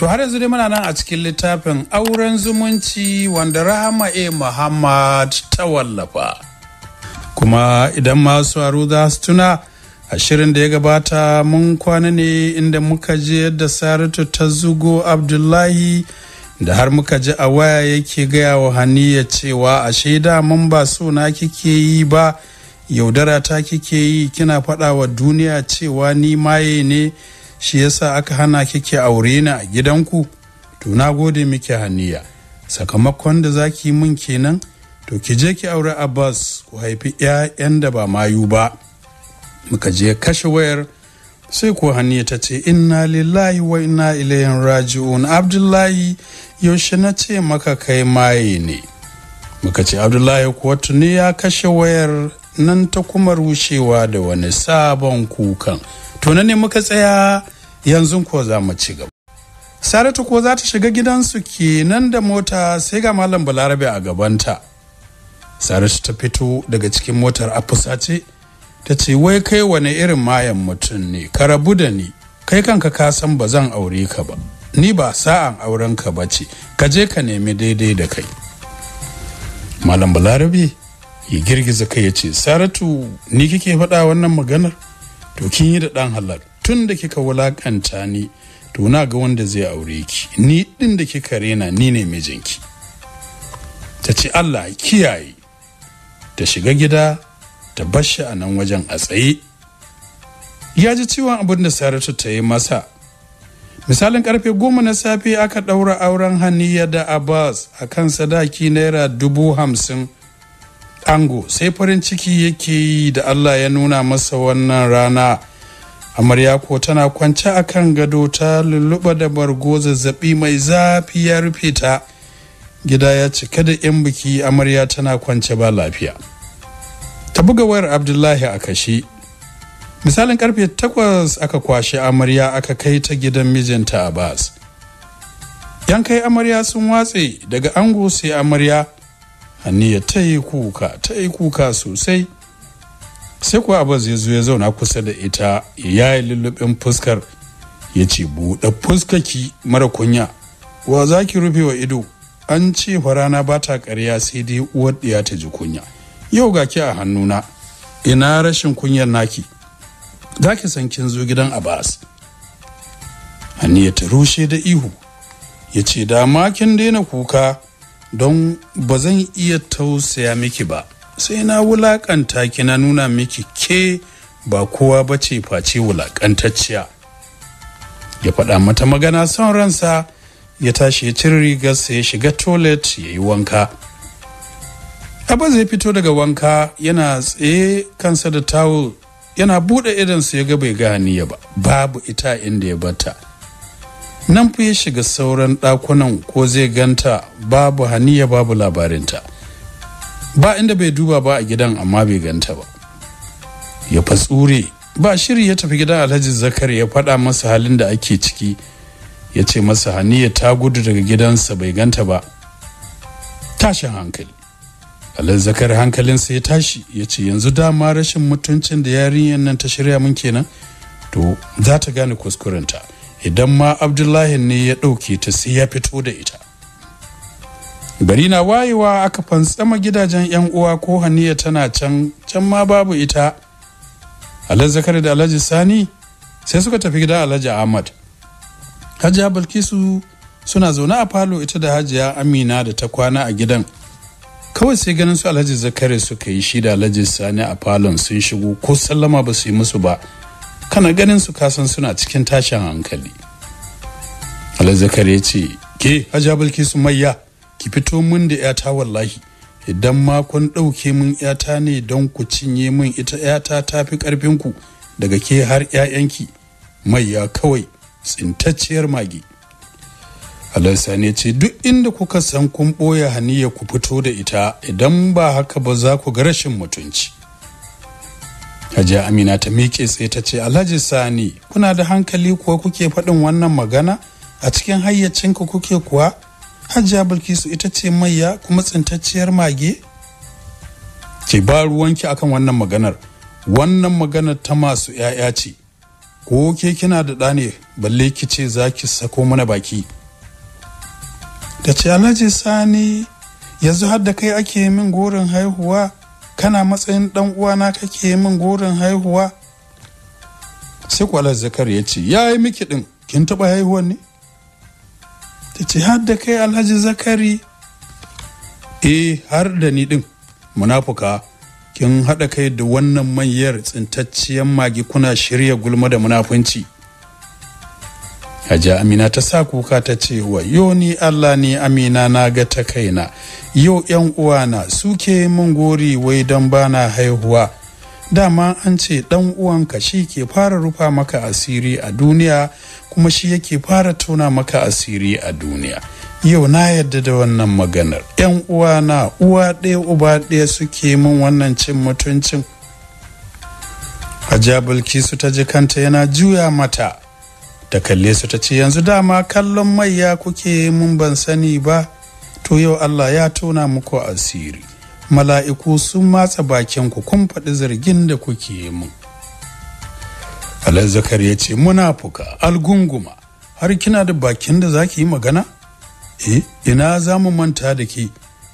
To har yanzu dai muna nan a cikin littafin auren zumunci wanda Rahama A. Muhammad ta wallafa. Kuma idan masu aro za su tuna a shirin da ya gabata mun kwana ne inda muka je yadda Saratu ta zugo Abdullahi da har muka ji a waya yake gaya wa Haniya cewa a shaida mun ba suna kike yi ba yaudara ta kike yi kina faɗa wa duniya cewa ni maye ne. shi yasa aka hana kike aure ni a gidanku to na gode miki haniya sakamakon da zaki mun kenan to ki je ki aure abbas ku haifi ƴaƴan da ba mayu ba muka je kashe wayar sai ko haniya ta ce inna lillahi wa inna ilayhin raji'un abdullahi yaushe na ce maka kai maye ne muka ce abdullahi kuwa tuni ya kashe wayar nan ta kuma rushewa da wani sabon kukan tunan ne muka tsaya yanzu ko za mu ci gaba saratu ko za ta shiga gidansu ke nan da mota sai ga malam balarabe a gabanta saratu ta fito daga cikin motar a fusace ta ce wai kai wani irin mayan mutum ne ka rabu da ni kai kanka ka san ba zan aure ka ba ni ba sa'an auren ka ba ce ka je ka nemi daidai da kai malam balarabe ya girgiza kai ya ce saratu ni kike faɗa wannan maganar to kin yi da dan halak tun da kika wulakanta ni to na ga wanda zai aure ki ni din da kika rena ni ne mijinki ta ce Allah kiyaye ta shiga gida ta bashi a nan wajen a tsaye ya ji ciwon abin da saratu ta yi masa misalin karfe goma na safe aka ɗaura auren haniya da abbas a kan sadaki naira dubu hamsin ango sai farin ciki yake yi da allah ya nuna masa wannan rana amarya ko tana kwance a kan gado ta lulluɓa da bargo zazzaɓi mai zafi ya rufe ta gida ya cika da 'yan biki amarya tana kwance ba lafiya ta buga wayar abdullahi a kashe misalin karfe 8 aka kwashe amarya aka kai ta gidan mijinta abbas yan kai amarya sun watse daga ango sai amarya aniya ta yi kuka ta yi kuka sosai sai kuwa abaz ya zo ya zauna kusa da ita ya yi lullubin fuskar ya ce buɗe fuskaki mara kunya wa za ki rufe wa ido an ce farana ba ta ƙarya sai dai uwar ɗiya ta ji kunya yau ga ki a hannuna ina rashin kunyar naki za ki san kin zo gidan abbas aniya ta rushe da ihu ya ce da ma kin daina kuka don ba zan iya tausaya miki ba sai na wulakanta ki na nuna miki ke ba kowa ba ce face wulakantacciya ya faɗa mata magana son ransa ya tashi ya cire rigarsa ya shiga toilet ya yi wanka abba zai fito daga wanka yana tsaye kansa da tawul yana buɗe idansa ya ga bai ga ba babu ita inda ya bata nan fa ya shiga sauran ɗakunan ko zai ganta babu haniya babu labarinta ba inda bai duba ba a gidan amma bai ganta ba ya fatsure ba shiri ya tafi gidan alhaji zakari ya faɗa masa halin da ake ciki ya ce masa haniya ta gudu daga gidansa bai ganta ba tashin hankali alhaji zakari hankalinsa ya tashi ya ce yanzu dama rashin mutuncin da yarinyar nan ta shirya min kenan to za ta gane kuskurenta idan ma abdullahi ne ya ɗauke ta sai ya fito da ita Gari na wayewa aka fantsama gidajen yan uwa ko haniya tana can can ma babu ita alhaji zakari da alhaji sani sai suka tafi gidan alhaji ahmad hajiya balkisu suna zaune a falo ita da hajiya amina da ta kwana a gidan kawai sai ganin su alhaji zakari suka yi shi da alhaji sani a falon sun shigo ko sallama ba su yi musu ba kana ganin su kasan suna cikin tashin hankali alazakar ya ce ke hajja bilkisu mayya ki fito mun da yata wallahi idan ma kun ɗauke mun yata ne don ku cinye mun ita yata ta fi ku daga ke har 'ya'yanki ya kawai tsintacciyar magi Alansa ne ce duk inda kuka san kun ɓoye haniya ku fito da ita idan ba haka ba za ku ga rashin mutunci. hajiya amina ta miƙe tsaye ta ce alhaji sani kuna da hankali kuwa kuke faɗin wannan magana a cikin hayyacinka kuke kuwa hajiya bilkisu ita ce maiya kuma tsintacciyar mage ke ba ruwanki akan wannan maganar wannan maganar ta masu 'ya'ya ce ko ke kina da ɗa ne balle ki ce za ki sako mana baki ta ce alhaji sani yanzu har da kai ake min gorin haihuwa kana matsayin dan uwana kake min gurin haihuwa sai kwalar zakar ya ce ya yi miki din kin taɓa haihuwan ne ta ce har da kai alhaji zakari eh har da ni din munafuka kin haɗa kai da wannan manyar tsintacciyar magi kuna shirya gulma da munafunci Hajiya Amina ta sa kuka ta ce wa yoni Allah ne Amina na ga ta kaina yau yan uwana suke mun gori wai don bana haihuwa dama an ce dan uwanka shi ke fara rufa maka asiri a duniya kuma shi yake fara tona maka asiri a duniya yau na yadda da wannan maganar yan uwana uwa ɗaya uba ɗaya suke min wannan cin mutuncin ajabulki bilkisu ta ji kanta yana juya mata da kalle su ta ce yanzu dama kallon mai ya kuke mun ban sani ba to yau Allah ya tona muku asiri mala'iku sun matsa bakin ku kun faɗi zargin da kuke yi mu Zakar ya ce munafuka algunguma har kina da bakin da zaki yi magana eh ina za mu manta da ke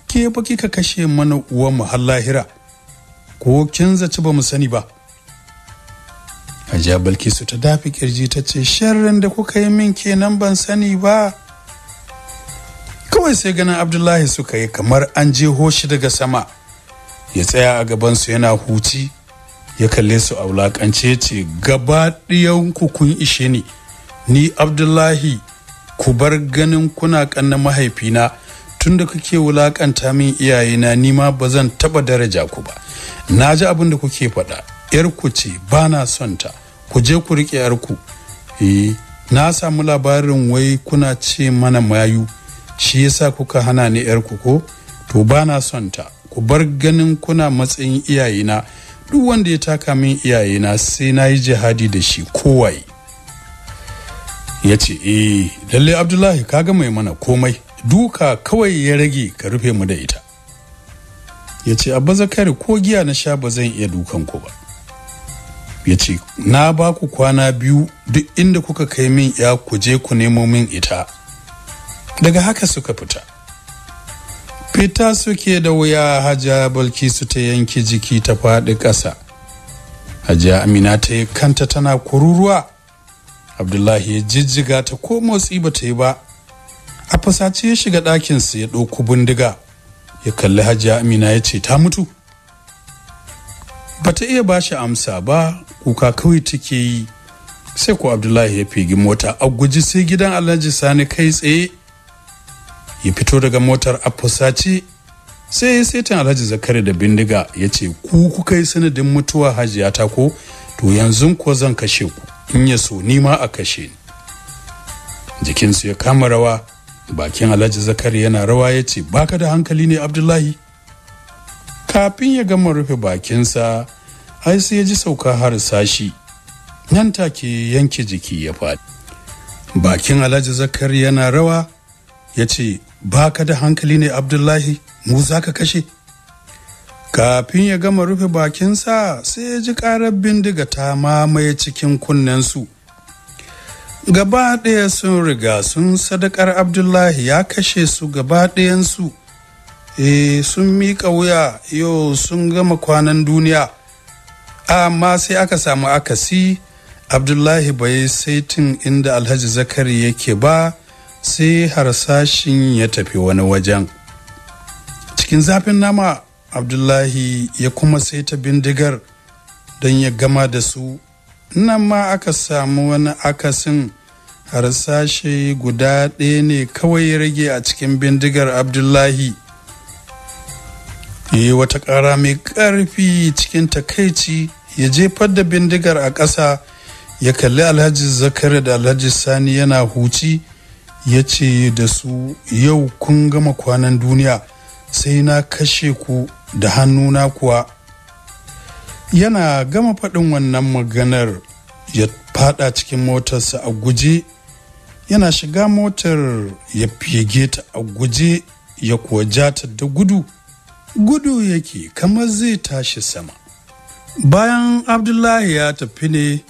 ke fa kika kashe mana uwan mu har lahira ko kin zaci ba mu sani ba Hajiya Balkisu ta dafi kirji ta ce sharrin da kuka yi min kenan ban sani ba kawai sai ganin abdullahi suka yi kamar an je shi daga sama ya tsaya a gaban su yana huci ya kalle su a wulakance ce gaba ku kun ishe ni ni abdullahi ku bar ganin kuna kanna mahaifina tun da kuke wulakanta min iyayena ni ma ba zan taba daraja ku ba na ji abin da kuke faɗa yar ku ce ba na son ta ku je ku riƙe yar ku eh, na samu labarin wai kuna ce mana mayu shi yasa kuka hana ni ku ko to ba na son ta ku bar ganin kuna matsayin iyayena duk wanda ya taka min iyayena sai na yi jihadi da shi kowai ya ce eh lalle abdullahi kaga mai mana komai duka kawai ya rage ka rufe mu da ita ya ce abba zakari ko giya na sha ba zan iya dukan ku ba ya ce na ba ku kwana biyu duk inda kuka kai min ya ku je ku nemo min ita daga haka suka fita fita suke da wuya hajiya balkisu ta yanke jiki ta faɗi ƙasa hajiya amina ta yi kanta tana kururuwa abdullahi ya jijjiga ta ko motsi ba ta yi ba a fasace ya shiga ɗakinsa ya ɗauko bindiga ya kalli hajiya amina ya ce ta mutu Ba ta iya ba shi amsa ba kuka kawai take yi sai ko abdullahi ya fegi mota a guji sai gidan alhaji sani kai tsaye ya fito daga motar a sai ya saitan alhaji zakari da bindiga ya ce ku kuka yi sanadin mutuwa hajiya ta ko to yanzu ko zan kashe ku in ya so nima a kashe ni jikinsu ya kama rawa bakin alhaji zakari yana rawa ya ce baka da hankali ne abdullahi kafin ya gama rufe bakinsa ai sai ya ji sauka har sashi nan take yanke jiki ya faɗi bakin alhaji zakari yana rawa ya ce ba ka da hankali ne abdullahi mu za ka kashe kafin ya gama rufe bakinsa sai ya ji karar bindiga ta mamaye cikin kunnensu gaba ɗaya sun riga sun sadakar abdullahi ya kashe su gaba ɗayansu e sun miƙa wuya yau sun gama kwanan duniya amma sai aka samu akasi abdullahi bai saitin inda alhaji zakari yake ba sai harsashin ya tafi wani wajen cikin zafin nama abdullahi ya kuma sai ta bindigar don ya gama da su nan ma aka samu wani akasin harsashe guda ɗaya ne kawai ya rage a cikin bindigar abdullahi yi wata ƙara mai ƙarfi cikin takaici ya jefar da bindigar a ƙasa ya kalli alhaji zakari da alhaji sani yana huci ya ce da su yau kun gama kwanan duniya sai na kashe ku da hannuna kuwa yana gama faɗin wannan maganar ya fada cikin motarsa a guje yana shiga motar ya fige ta a guje ya kuwa ja da gudu gudu yake kamar zai tashi sama bayan abdullahi ya tafi ne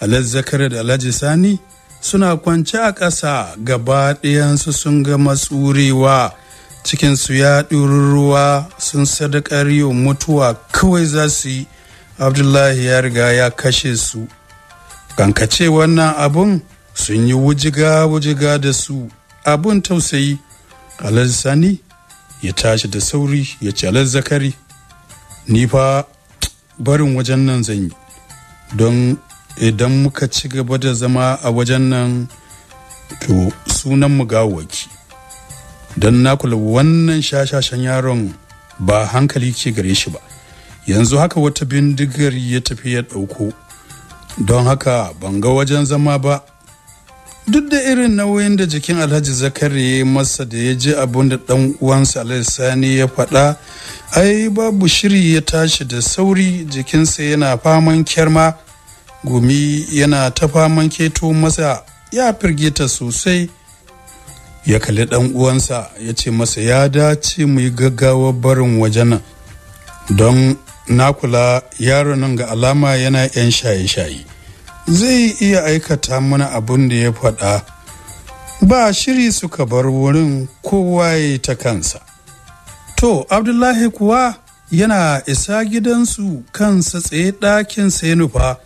alhaji da alhaji sani suna kwance a ƙasa gaba ɗayansu sun ga matsurewa cikinsu ya ɗurin ruwa sun sadakar yau mutuwa kawai za su yi abdullahi ya riga ya kashe su kankace wannan abun sun yi wujiga-wujiga da su abun tausayi alal sani ya tashi da sauri ya ci alal zakari ni fa barin wajen nan zan yi don idan muka ci gaba da zama a wajen nan to sunan mu gawaki don na kula wannan shashashen yaron ba hankali ke gare shi ba yanzu haka wata bindigar ya tafi ya ɗauko don haka ban ga wajen zama ba duk da irin nauyin da jikin alhaji zakari ya yi masa da ya ji abin da ɗan uwansa alhaji ya faɗa ai babu shiri ya tashi da sauri jikinsa yana faman kyarma gumi yana ta faman keto masa ya firgeta sosai ya kalli ɗan uwansa ya ce masa ya dace mu yi gaggawar barin wajen don na kula yaron nan ga alama yana 'yan shaye-shaye zai iya aikata mana abin da ya faɗa ba shiri suka bar wurin kowa ya ta kansa to abdullahi kuwa yana isa gidansu kansa tsaye ɗakin sai nufa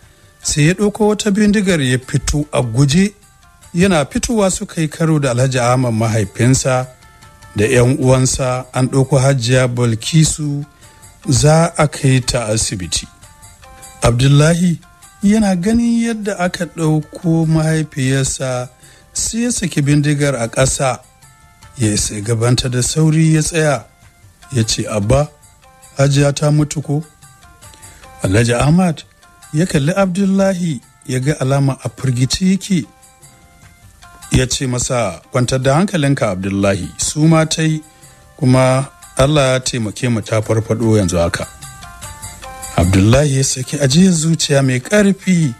sai ya ɗauko wata bindigar ya fito a guje yana fitowa suka yi karo da alhaji ahmad mahaifinsa da 'yan uwansa an ɗauko Hajjiya balkisu za a kai ta asibiti abdullahi yana ganin yadda aka ɗauko mahaifiyarsa sai ya saki bindigar a ƙasa ya sai gabanta da sauri ya tsaya ya ce abba hajiya ta mutu ko alhaji ahmad ya kalli abdullahi ya ga alama a firgici yake ya ce masa kwantar da hankalinka abdullahi su ma ta yi kuma allah ya taimake mu ta farfado yanzu haka abdullahi ya saki ajiyar zuciya mai ƙarfi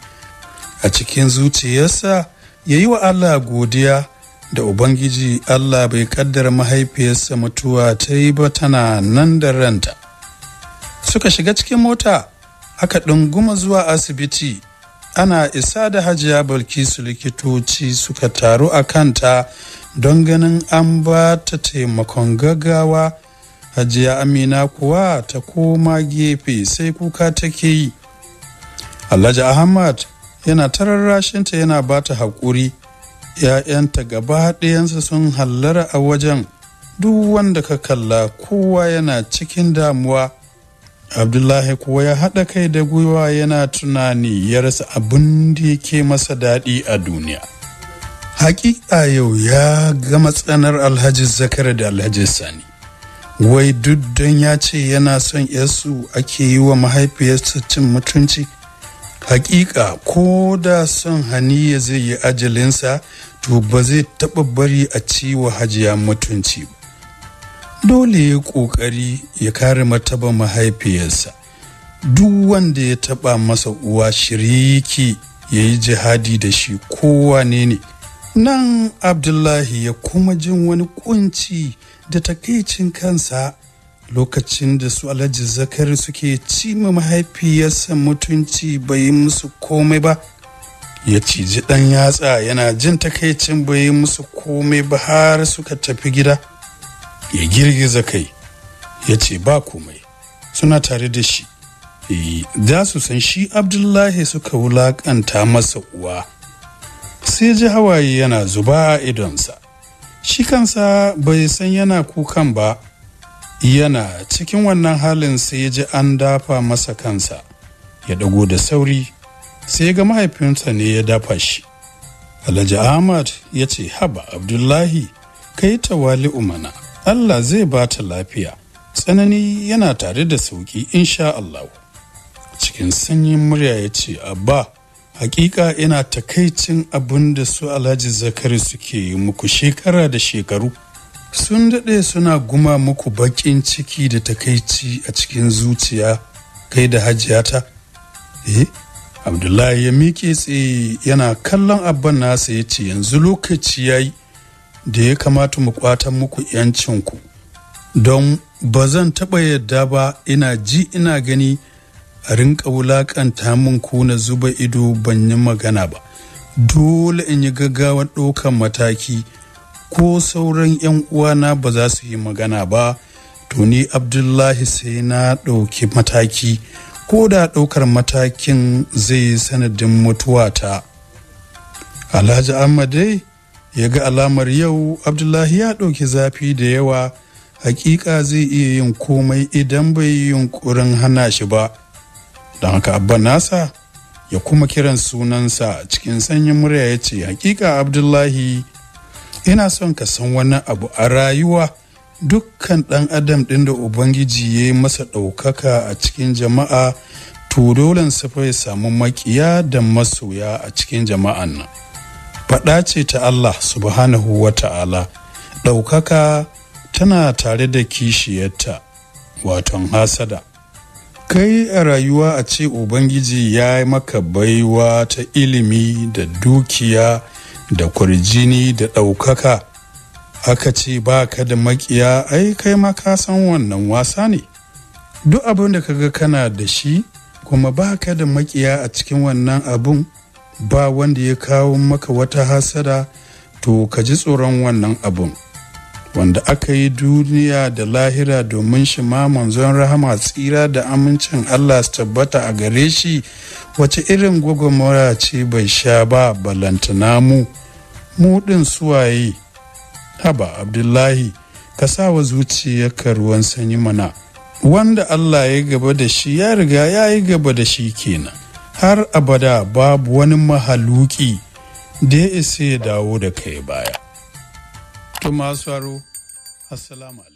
a cikin zuciyarsa ya yi wa allah godiya da ubangiji allah bai kaddara mahaifiyarsa mutuwa ta yi ba tana nan da ranta suka shiga cikin mota aka ɗunguma zuwa asibiti ana isa da hajiya balkisu likitoci suka taru a kanta don ganin an ba ta taimakon gaggawa hajiya amina kuwa ta koma gefe sai kuka take yi alhaji ahmad yana tararrashinta yana ba ta haƙuri ‘ya'yanta gaba ɗayansa sun hallara a wajen duk wanda ka kalla kowa yana cikin damuwa abdullahi kuwa ya haɗa kai da gwiwa yana tunani ya rasa abin da yake masa daɗi a duniya hakika yau ya ga matsanar alhaji zakar da alhaji sani wai duk don ya ce yana son yasu ake yi wa mahaifiyarsa cin mutunci hakika ko da son haniya zai yi ajalinsa to ba zai taɓa bari a ciwa hajiya mutunci ba dole ya ƙoƙari ya kare martaban mahaifiyarsa duk wanda ya taɓa masa uwa shiriki ya yi jihadi da shi kowa ne ne nan abdullahi ya kuma jin wani kunci da takaicin kansa lokacin da su alhaji zakari suke cima mahaifiyarsa mutunci bai musu komai ba ya ciji ɗan yatsa yana jin takaicin bai musu komai ba har suka tafi gida ya girgiza kai ya ce ba komai suna tare da shi e, za su san shi abdullahi suka wulaƙanta masa uwa sai ji hawaye yana zuba a idonsa shi kansa bai san yana kukan ba yana cikin wannan halin sai ya ji an dafa masa kansa ya dago da sauri sai ga mahaifinsa ne ya dafa shi alhaji ahmad ya ce haba abdullahi kai tawali umana Allah zai ba ta lafiya tsanani yana tare da sauki insha Allah cikin sanyin murya ya ce abba hakika yana takaicin abin da su alhaji zakari suke yi muku shekara da shekaru sun daɗe suna guma muku baƙin ciki da takaici a cikin zuciya kai da hajiyata eh abdullahi ya miƙe tsaye yana kallon abban nasa ya ce yanzu lokaci ya yi da ya kamata mu kwatan muku 'yancinku don ba zan taɓa yadda ba ina ji ina gani a rinka wulaƙanta min ku na zuba ido ban yi magana ba dole in yi gaggawar ɗaukan mataki ko sauran 'yan uwana ba za su yi magana ba to ni abdullahi sai na ɗauki mataki ko da ɗaukar matakin zai sanadin mutuwata alhaji ahmad dai ya ga alamar yau abdullahi ya ɗauki zafi da yawa hakika zai iya yin komai idan bai yi yunkurin hana shi ba don haka abban nasa ya kuma kiran sunansa cikin sanyin murya ya ce hakika abdullahi ina son ka san wani abu a rayuwa dukkan ɗan adam ɗin da ubangiji ya yi masa ɗaukaka a cikin jama'a to dole fa ya samu makiya da masoya a cikin jama'an nan faɗa ce ta Allah subhanahu wa ta'ala ɗaukaka tana tare da kishiyarta waton hasada kai a rayuwa a ce ubangiji ya yi maka baiwa ta ilimi da dukiya da kurjini da ɗaukaka aka ce ba ka da makiya ai kai ma ka san wannan wasa ne duk abin da kaga kana da shi kuma ba ka da makiya a cikin wannan abun ba wanda ya kawo maka wata hasada to ka ji tsoron wannan abun wanda aka yi duniya da lahira domin shi ma manzon rahama tsira da amincin allah su tabbata a gare shi wace irin gwagwamara ce bai sha ba balantana mu mu din suwaye haba abdullahi ka sa wa zuciyarka ruwan sanyi mana wanda allah ya gaba da shi ya riga ya yi gaba da shi kenan har abada babu wani mahaluki da ya isa ya dawo da kai baya. Tumasaro, assalamu